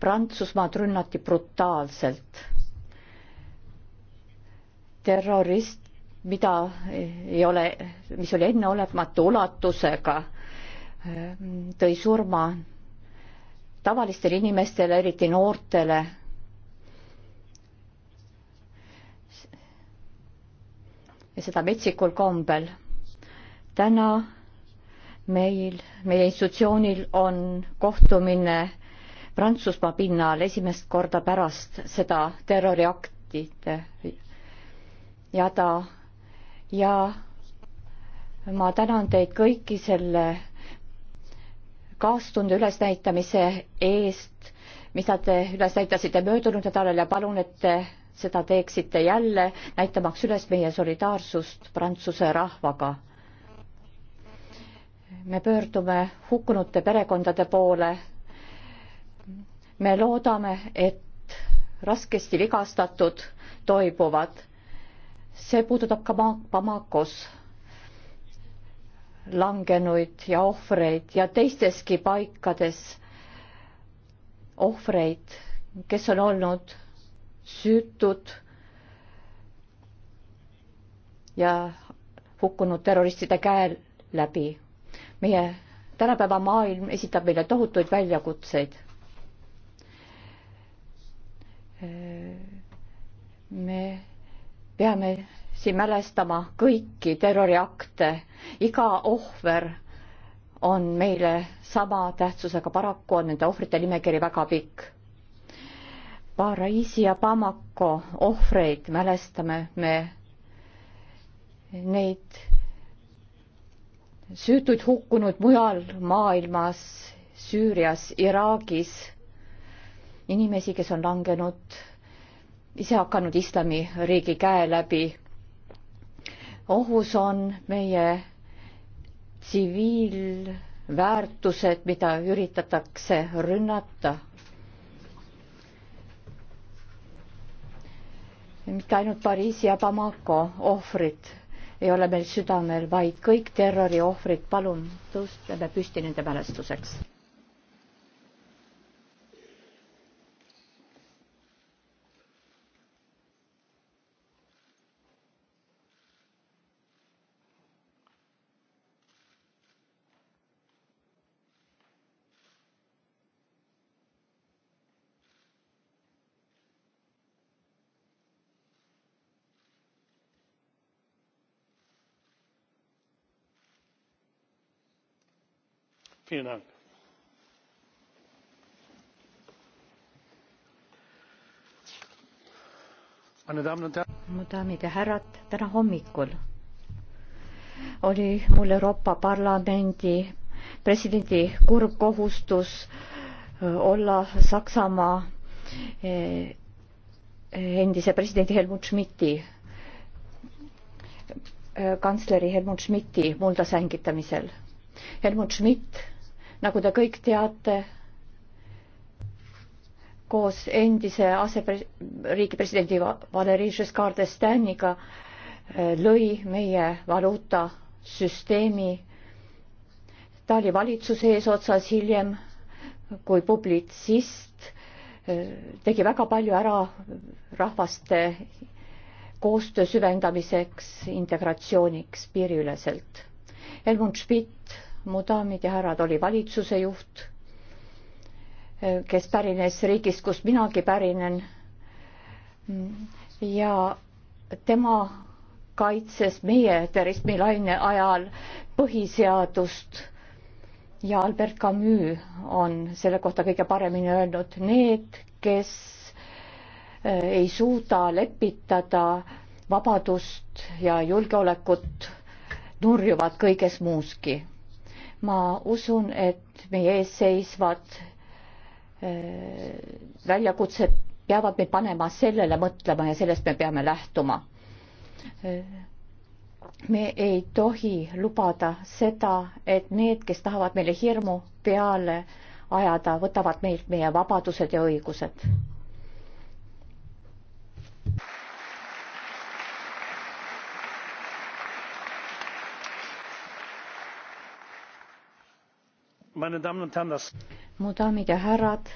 Prantsusmaad rünnati brutaalselt. terrorist, mida ei ole, mis oli enneolematu ulatusega, tõi surma tavalistele inimestele, eriti noortele. ja seda metsikul kombel. täna meil, meie institutsioonil on kohtumine Prantsusmaa pinnal esimest korda pärast seda terroriaktide jada ja ma tänan teid kõiki selle kaastunde ülesnäitamise eest, mida te üles näitasite möödunud nädalal ja palun, et te seda teeksite jälle, näitamaks üles meie solidaarsust Prantsuse rahvaga. me pöördume hukkunute perekondade poole me loodame, et raskesti vigastatud toibuvad. see puudutab ka Bamakos langenuid ja ohvreid ja teisteski paikades ohvreid, kes on olnud süütud ja hukkunud terroristide käe läbi. meie tänapäeva maailm esitab meile tohutuid väljakutseid me peame siin mälestama kõiki terroriakte, iga ohver on meile sama tähtsusega, paraku on nende ohvrite nimekiri väga pikk. Pariisi ja Bamako ohvreid mälestame me, neid süütuid hukkunud mujal maailmas, Süürias, Iraagis, inimesi, kes on langenud ise hakanud islamiriigi käe läbi. ohus on meie tsiviilväärtused, mida üritatakse rünnata. mitte ainult Pariisi ja Bamako ohvrid ei ole meil südamel, vaid kõik terroriohvrid, palun tõustame püsti nende mälestuseks. vielen dank! mu daamid ja härrad täna hommikul oli mul euroopa parlamendi presidendi kurb kohustus äh, olla saksamaa äh, endise presidendi helmut schmidti äh, kantsleri helmut schmidti mulda sängitamisel helmut schmidt nagu te kõik teate, koos endise asepres-, riigi presidendi Valeri Giscard d'Estaniga eh, lõi meie valuutasüsteemi. ta oli valitsuse eesotsas hiljem kui publitsist, eh, tegi väga palju ära rahvaste koostöö süvendamiseks, integratsiooniks piiriüleselt. Helmut Schmidt mu daamid ja härrad, oli valitsuse juht, kes pärines riigist, kust minagi pärinen. ja tema kaitses meie terrorismilaine ajal põhiseadust ja Albert Camus on selle kohta kõige paremini öelnud, need, kes eh, ei suuda lepitada vabadust ja julgeolekut, nurjuvad kõiges muuski ma usun, et meie ees seisvad äh, väljakutsed peavad meid panema sellele mõtlema ja sellest me peame lähtuma. Äh, me ei tohi lubada seda, et need, kes tahavad meile hirmu peale ajada, võtavad meilt meie vabadused ja õigused mu daamid ja härrad